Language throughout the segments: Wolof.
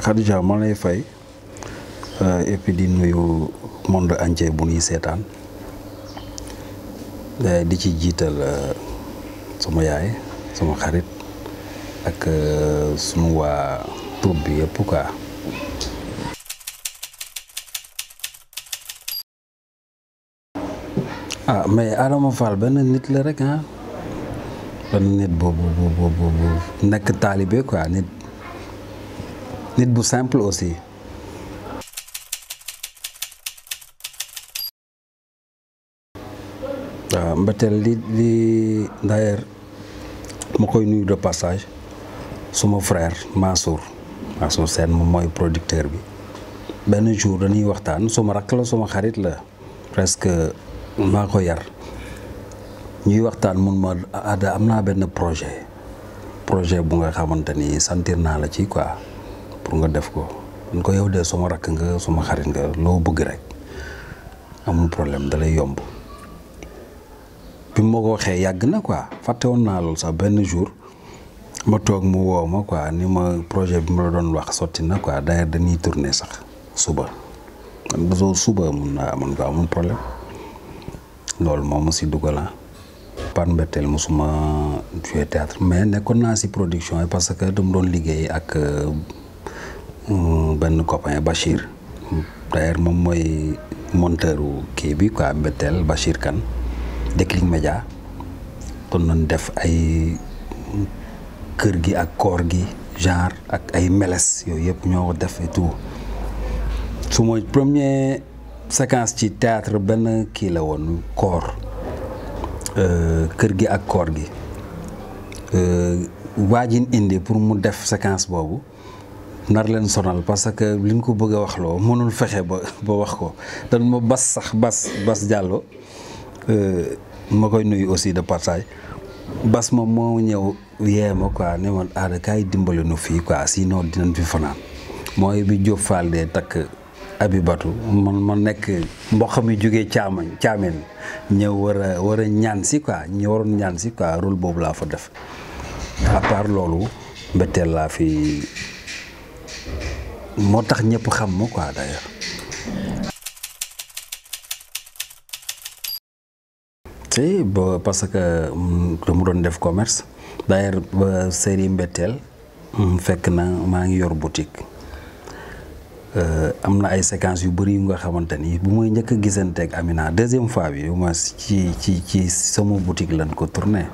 Khadija ma lay fay et puis di nuyu monde entier bu ñuy seetaan di ci jital sama yaay sama xarit ak sunu wa troupe bi ah mais Adama Fall nit la rek ha ben nit bo boobu boobu nek talibé quoi nit nit bu simple aussi. waaw Mbetteel li li d'ailleurs ma koy nuyu de passage suma frère Mansour Mansour sen moom mooy producteur bi ben jour dañi waxtan suma rak la suma xarit la presque maa ko yar ñuy waxtan mun ma ada amna ben projet projet bu nga xamanteni ni sentir la ci quoi pour nga def ko ñu ko yow de sama rak nga sama xarit nga lo bëgg rek amul problème lay yomb bi mo ko waxee yag na quoi faté won na loolu sax ben jour ma tok mu woo ma quoi ni ma projet bi doon wax sorti na quoi d'ailleurs dañuy tourner sax suba man suba mun na man ko amul problème loolu pan betel, dugal ah. pan betel musuma jouer théâtre mais na ci production parce que dum doon liggéey ak euh, ben copain bashir d'ailleurs mom moy monteur ki bi quoi Mbetteel bashir kan Déclic Média kon non def ay keur gi ak koor gi genre ak ay meles yo yep ñoo ko def et tout su ma premier séquence ci théâtre ben ki la woon koor keur gi ak koor gi euh, wajin indi pour mu def séquence bobu nar leen sonal parce que liñ ko bëgg wax loo mënul fexe ba ba wax ko dan ma bas sax bas bas Diallo euh, ma koy nuyu aussi de partage bas moom moo ñëw yee ma quoi aada kaay dimbali nu fii quoi sinon dinañ fi fanaan mooy bi Diop Fall dee takk Abibatu man ma nekk mboq mi jógee caamañ caameen ñëw war ñaan si quoi ñu waroon ñaan si quoi rôle boobu laa fa def à loolu mbetteel laa fi motax ñepp xam ma quoi d'ailleurs té si ba parce que mm, dama doon def commerce d'ailleurs ba série mbettel mm, fekk na ma ngi yor boutique euh amna ay séquences yu bari nga xamanteni bu moy ñëk gisenté ak Amina deuxième fois bi au moins ci ci ci sama boutique lañ ko tourner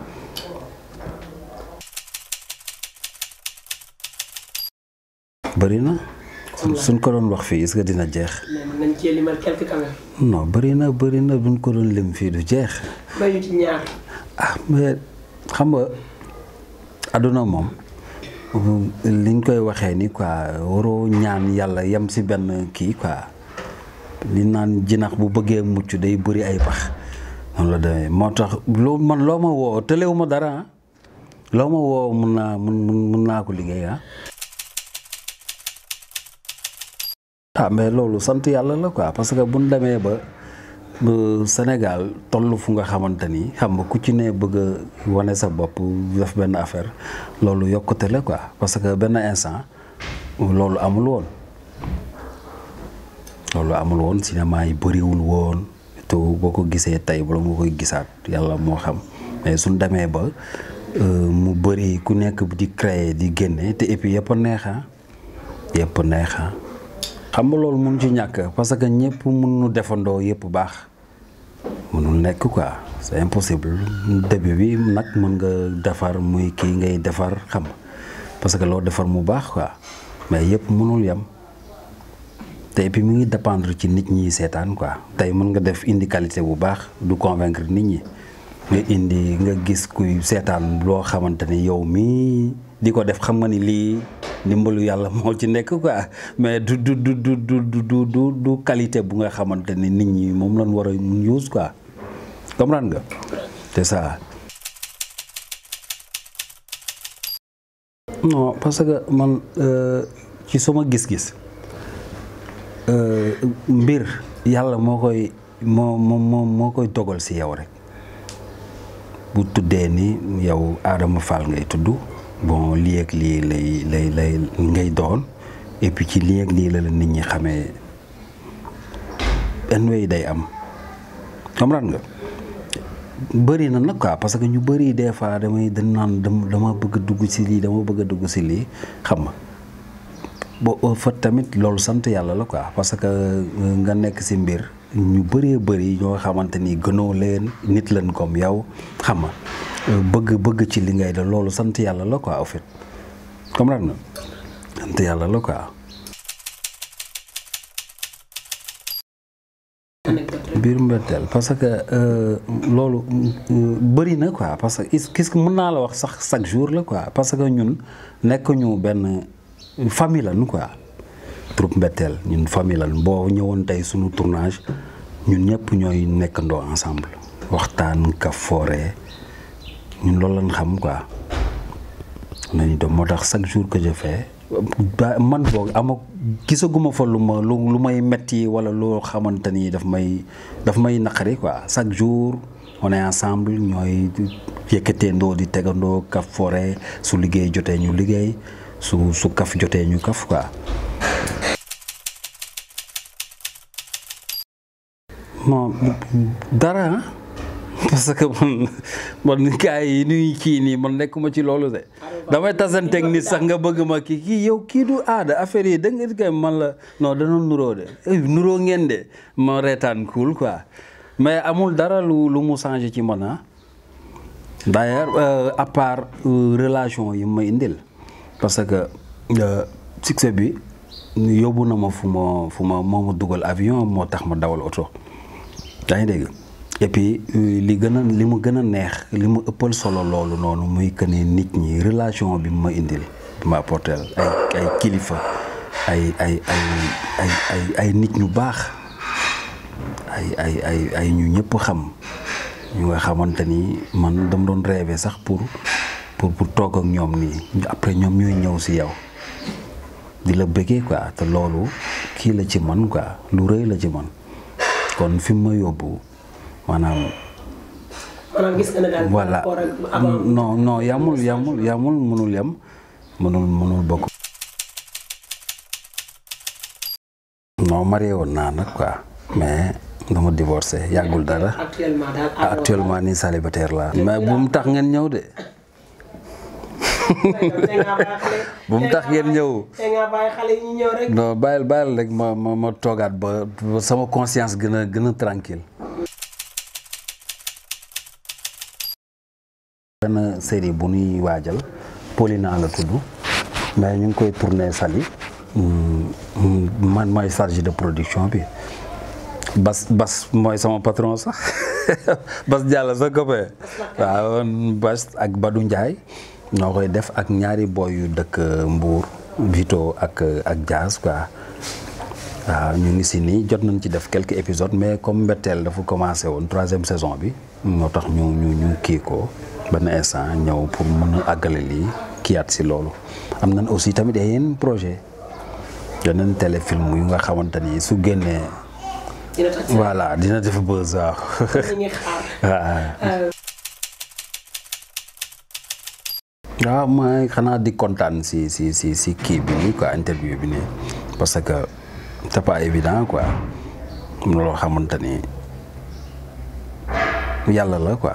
bëri na suñ ko doon wax fi est-ce dina jeex. non bari na bari na buñ ko doon lim fi du jeex. bayu ci ñaar. ah mais xam nga aduna mom liñ koy waxé ni quoi waroo ñaan yalla yam ci ben ki quoi li nan jinax bu bëggee muccu day bari ay bax non la demee motax lo man loo ma woo tëlewu ma dara ah. loo ma woo mun naa ko liggéey ha ah. ah lolou sant yalla la quoi parce que bu démé ba bu Sénégal tollu fu nga xamanteni xam ku ci né bëgg woné sa bop def ben affaire lolou yokuté la quoi parce que ben instant lolou amul won lolou amul won cinéma yi wul won to boko gisé tay bu la mo koy gissat yalla mo xam mais suñ démé ba mu bëri ku nekk di créer di té épi yépp neex ha yépp neex ha xam nga lolou mun ci ñak parce que ñepp mënu defando yépp baax mënul nekk quoi c'est impossible début bi nak mën nga defar muy ki ngay defar xam parce que lo defar mu baax quoi mais yépp mënul yam té puis mi ngi dépendre ci nit ñi sétane quoi tay mën nga def indi qualité bu baax du convaincre nit ñi nga indi nga gis kuy sétane lo xamante yow mi diko def xam nga ni li ndimbalu yàlla moo ci nekk quoi mais du du du du du du du qualité bu nga xamante ni nit ñi moom lañ war a mun use quoi comprendre nga te ça. non parce que man euh, ci sama gis-gis euh, mbir yàlla moo koy moo moo moo koy dogal si yow rek bu tuddee ni yow Adama Fall ngay tudd. bon lii ak lii lay lay lay ngay doon et ci lii lii la la nit ñi xamee benn way day am comprendre nga. bëri na nag kaa parce que ñu bëri des fois damay dañ naan dama bëgg dugg si lii dama bëgg a dugg si lii xam nga ba fa tamit loolu sant yàlla la ko parce que euh, nga nekk si mbir ñu bëree bëri ñoo xamante ni gënoo leen nit lañ comme yow xam nga bëgg bëgg ci li ngay la loolu sant yàlla la quoi en fait comprendre na sant yàlla la quoi. biir mbetteel parce que euh, loolu euh, bëri na quoi parce que qu'est-ce que mën naa la wax sax chaque jour la quoi parce que ñun nekk ñu benn famille lan quoi troupe mbetteel ñun famille lan boo ñëwoon tey suñu tournage ñun ñëpp ñooy nekkandoo ensemble waxtaan ka foore ñun loolu lañ xam quoi nañu dem moo tax chaque jour que je fais man boog am gisaguma fa lu may metti walla loo xamante ni daf may daf may naqari quoi chaque jour on est ensemble ñooy yëkkateendoo di tegandoo kaf forêt su liggéey jotee ñu liggéey su su kaf jotee ñu kaf quoi. dara parce que man man gars yi nuy kii nii man nekkuma ci loolu de damay tasanteeg nit sax nga bëgg ma kii kii yow kii du aada affaire yi da nga kay man la non danoon nuroo de eh, nuróo ngeen de ma reetaan cool quoi mais amul dara lu lu mu changé ci man ah d'ailleurs euh, à part euh, relation yi ma indil parce que euh, succès bi yóbbu na ma fu ma fu ma moo dugal avion moo tax ma dawal oto yaa ngi dégg et euh, li gën a li mu gën a neex li mu ëppal solo loolu noonu muy que ne nit ñi relation bi mu ma indil bi ma apporteel ay kilifa ay ay ay ay ay nit ñu baax ay ay ay ñu ñëpp xam ñu nga xamante ni man dama doon rêvé sax pour pour pour toog ak ñoom nii après ñoom ñooy ñëw si yow di la bëggee quoi te loolu kii la ci man quoi lu rëy la ci man kon fi mu ma yóbbu. manam maanaam gis nga ne daal voilà non yamul yamul yamul munul yam munul munul bok no marié won na nak quoi mais dama divorcé yagul dara actuellement daal actuellement nii célibataire la mais bu mu tax ngeen ñew de bu mu tax ngeen ñew no bayal bayal rek. ma ma togat ba sama conscience gëna gëna tranquille benn série bu nuy waajal naa la tudd mais ñu ngi koy tourné Saly mm, man mooy chargé de production bi bas bas mooy sama patron sax bas Diallo sa copain waaw bas ak Badou Ndiaye ñoo koy def ak ñaari boy yu dëkk Mbour Vito ak ak Diaz quoi waaw ñu ngi si nii jot nañ ci def quelques épisodes mais comme mbetteel dafa commencé woon troisième saison bi moo tax ñu ñu ñu kii ko benn instant ñëw pour mën a àggale lii kiyaat si loolu am nañ aussi tamit yeneen projet yeneen téléfilm yu nga xamante ni su génnee voilà dina def buzz waaw waaw ma xanaa di kontaan si si si si kii bi nii quoi interview bi nii parce que c'est pas évident quoi loo xamante ni yàlla la quoi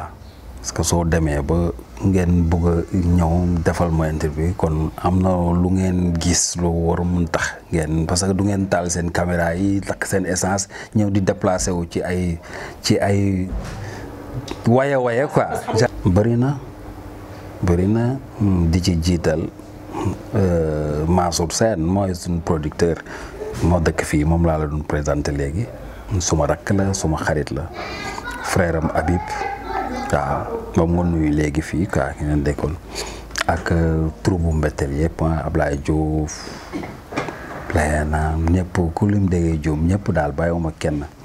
parce que so démé ba ngén bëgg ñëw défal mo interview kon amna lungen lu ngén gis lu war mun tax ngén parce que du ngén tal sen caméra yi tak sen essence ñëw di déplacer wu ci ay ci ay waya waya quoi. barina na di ci euh Masoud Sen moy sun producteur mo dëkk fi mom la la doon présenter légui suma rak la suma xarit la frère am Habib. kaa moom nga nuyu léegi fii kaa ki ngeen dëkkoon ak euh, troubu mbetteel yëpp ah, Ablaye Diouf Leena ñëpp ku lim déggee Diouf ñëpp daal bàyyiwuma kenn.